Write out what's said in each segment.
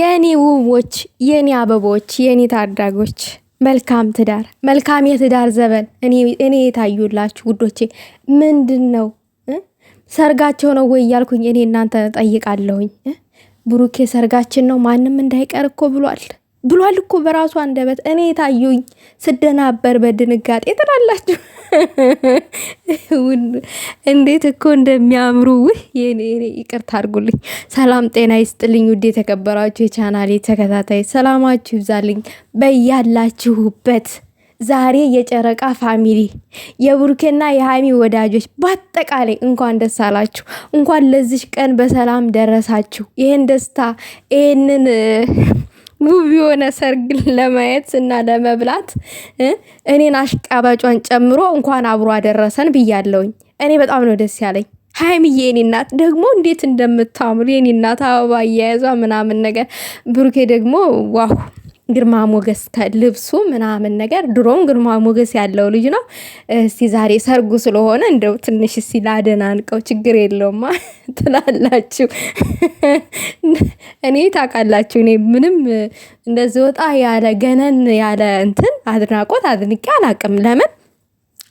የኔ ውቦች፣ የኔ አበቦች፣ የኔ ታዳጎች መልካም ትዳር፣ መልካም የትዳር ዘመን እኔ የታዩላችሁ ውዶቼ። ምንድን ነው ሰርጋቸው ነው ወይ እያልኩኝ እኔ እናንተ ጠይቃለሁኝ። ብሩኬ ሰርጋችን ነው ማንም እንዳይቀር እኮ ብሏል ብሏል እኮ በራሱ አንደበት። እኔ የታዩኝ ስደናበር በድንጋጤ ትላላችሁ። እንዴት እኮ እንደሚያምሩ ውህ የኔ ይቅርታ አድርጉልኝ። ሰላም ጤና ይስጥልኝ። ውድ የተከበራችሁ የቻናሌ ተከታታይ ሰላማችሁ ይብዛልኝ በያላችሁበት። ዛሬ የጨረቃ ፋሚሊ የቡርኬና የሀይሚ ወዳጆች በአጠቃላይ እንኳን ደስ አላችሁ፣ እንኳን ለዚሽ ቀን በሰላም ደረሳችሁ። ይህን ደስታ ይህንን ውብ የሆነ ሰርግ ለማየት እና ለመብላት እኔን አሽቃባጯን ጨምሮ እንኳን አብሮ አደረሰን ብያለውኝ። እኔ በጣም ነው ደስ ያለኝ። ሀይምዬ የኔ እናት ደግሞ እንዴት እንደምታምሩ የኔ እናት አበባ አያያዟ ምናምን ነገር ብሩኬ ደግሞ ዋሁ ግርማ ሞገስ ልብሱ ምናምን ነገር ድሮም ግርማ ሞገስ ያለው ልጅ ነው። እስቲ ዛሬ ሰርጉ ስለሆነ እንደው ትንሽ እስቲ ላደናንቀው ችግር የለውማ ትላላችሁ። እኔ ታውቃላችሁ፣ እኔ ምንም እንደዚህ ወጣ ያለ ገነን ያለ እንትን አድናቆት አድንቄ አላቅም። ለምን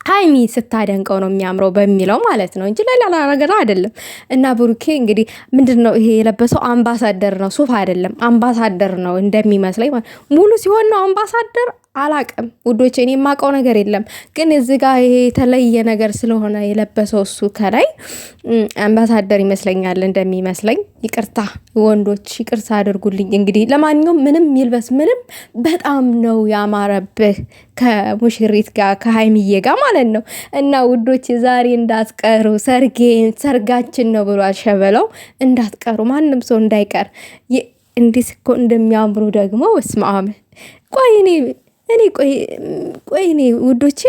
ሀይሚ ስታደንቀው ነው የሚያምረው በሚለው ማለት ነው እንጂ ለሌላ ነገር አይደለም። እና ብሩኬ እንግዲህ ምንድን ነው ይሄ የለበሰው አምባሳደር ነው፣ ሱፍ አይደለም፣ አምባሳደር ነው እንደሚመስለኝ። ሙሉ ሲሆን ነው አምባሳደር አላቅም ውዶች እኔ የማውቀው ነገር የለም። ግን እዚህ ጋ ይሄ የተለየ ነገር ስለሆነ የለበሰው እሱ ከላይ አምባሳደር ይመስለኛል እንደሚመስለኝ። ይቅርታ ወንዶች ይቅርታ አድርጉልኝ። እንግዲህ ለማንኛውም ምንም ይልበስ ምንም፣ በጣም ነው ያማረብህ ከሙሽሪት ጋር ከሀይሚዬ ጋር ማለት ነው። እና ውዶች ዛሬ እንዳትቀሩ ሰርጌ ሰርጋችን ነው ብሎ አልሸበለው እንዳትቀሩ ማንም ሰው እንዳይቀር። እንዲህ እኮ እንደሚያምሩ ደግሞ ወስማም ቆይኔ እኔ ቆይኔ ውዶች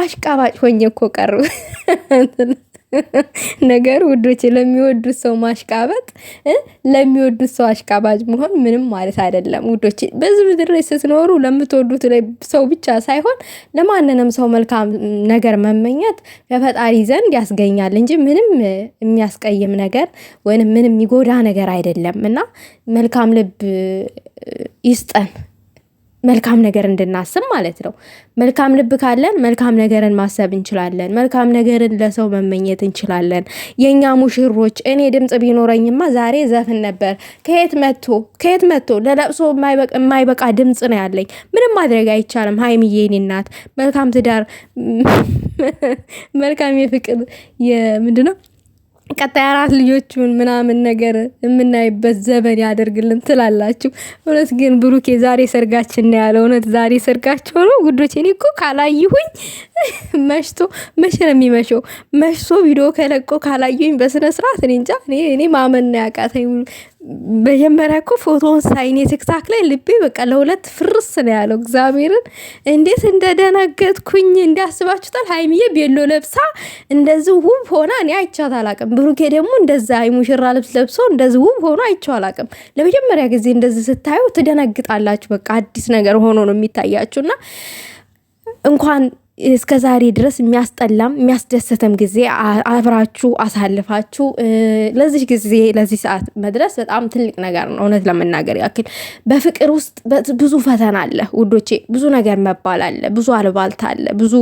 አሽቃባጭ ሆኜ እኮ ቀሩ። ነገር ውዶች፣ ለሚወዱት ሰው ማሽቃበጥ ለሚወዱት ሰው አሽቃባጭ መሆን ምንም ማለት አይደለም ውዶች። በዚህ ምድር ላይ ስትኖሩ ለምትወዱት ሰው ብቻ ሳይሆን ለማንንም ሰው መልካም ነገር መመኘት ከፈጣሪ ዘንድ ያስገኛል እንጂ ምንም የሚያስቀይም ነገር ወይም ምንም የሚጎዳ ነገር አይደለም እና መልካም ልብ ይስጠን። መልካም ነገር እንድናስብ ማለት ነው። መልካም ልብ ካለን መልካም ነገርን ማሰብ እንችላለን። መልካም ነገርን ለሰው መመኘት እንችላለን። የእኛ ሙሽሮች እኔ ድምፅ ቢኖረኝማ ዛሬ ዘፍን ነበር። ከየት መቶ ከየት መቶ ለለቅሶ የማይበቃ ድምፅ ነው ያለኝ። ምንም ማድረግ አይቻልም። ሀይሚዬ የኔ እናት መልካም ትዳር፣ መልካም የፍቅር ምንድነው ቀጣይ አራት ልጆቹን ምናምን ነገር የምናይበት ዘመን ያደርግልን ትላላችሁ። እውነት ግን ብሩኬ ዛሬ ሰርጋችን ነው ያለ። እውነት ዛሬ ሰርጋችሁ ነው ጉዶቼ። እኔ እኮ ካላየሁኝ መሽቶ መቼ ነው የሚመሸው? መሽቶ ቪዲዮ ከለቆ ካላዩኝ በስነ ስርዓት እኔ እንጃ። እኔ ማመን ነው ያቃተኝ። መጀመሪያ እኮ ፎቶውን ሳይኔ ትክታክ ላይ ልቤ በቃ ለሁለት ፍርስ ነው ያለው። እግዚአብሔርን እንዴት እንደደነገጥኩኝ እንዳስባችሁታል። ሀይሚዬ ቤሎ ለብሳ እንደዚህ ውብ ሆና እኔ አይቻት አላቅም። ብሩኬ ደግሞ እንደዛ ሙሽራ ልብስ ለብሶ እንደዚህ ውብ ሆኖ አይቼው አላቅም። ለመጀመሪያ ጊዜ እንደዚህ ስታዩ ትደነግጣላችሁ። በቃ አዲስ ነገር ሆኖ ነው የሚታያችሁና እንኳን እስከ ዛሬ ድረስ የሚያስጠላም የሚያስደሰተም ጊዜ አብራችሁ አሳልፋችሁ ለዚህ ጊዜ ለዚህ ሰዓት መድረስ በጣም ትልቅ ነገር ነው። እውነት ለመናገር ያክል በፍቅር ውስጥ ብዙ ፈተና አለ ውዶቼ። ብዙ ነገር መባል አለ፣ ብዙ አልባልታ አለ፣ ብዙ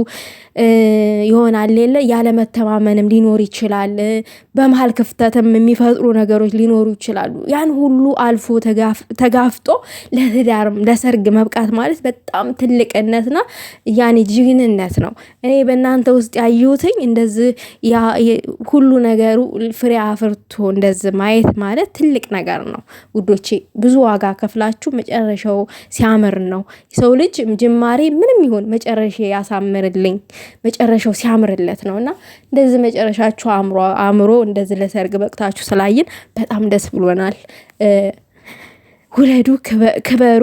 ይሆናል የለ ያለመተማመንም ሊኖር ይችላል። በመሀል ክፍተትም የሚፈጥሩ ነገሮች ሊኖሩ ይችላሉ። ያን ሁሉ አልፎ ተጋፍጦ ለትዳርም ለሰርግ መብቃት ማለት በጣም ትልቅነትና ያኔ ጅግንነት ማለት ነው። እኔ በእናንተ ውስጥ ያየሁትኝ እንደዚህ ሁሉ ነገሩ ፍሬ አፍርቶ እንደዚህ ማየት ማለት ትልቅ ነገር ነው ውዶቼ። ብዙ ዋጋ ከፍላችሁ መጨረሻው ሲያምር ነው ሰው ልጅ ጅማሬ ምንም ይሁን መጨረሻ ያሳምርልኝ መጨረሻው ሲያምርለት ነው እና እንደዚህ መጨረሻችሁ አምሮ እንደዚህ ለሰርግ በቅታችሁ ስላየን በጣም ደስ ብሎናል። ውለዱ፣ ክበሩ።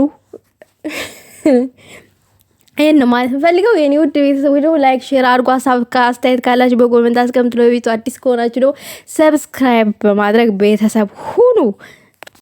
ይህን ማለት ምፈልገው የኔ ውድ ቤተሰቦች ደግሞ ላይክ፣ ሼር አድርጎ ሀሳብ አስተያየት ካላችሁ በጎመንት አስቀምጡ። ለቤቱ አዲስ ከሆናችሁ ደግሞ ሰብስክራይብ በማድረግ ቤተሰብ ሁኑ።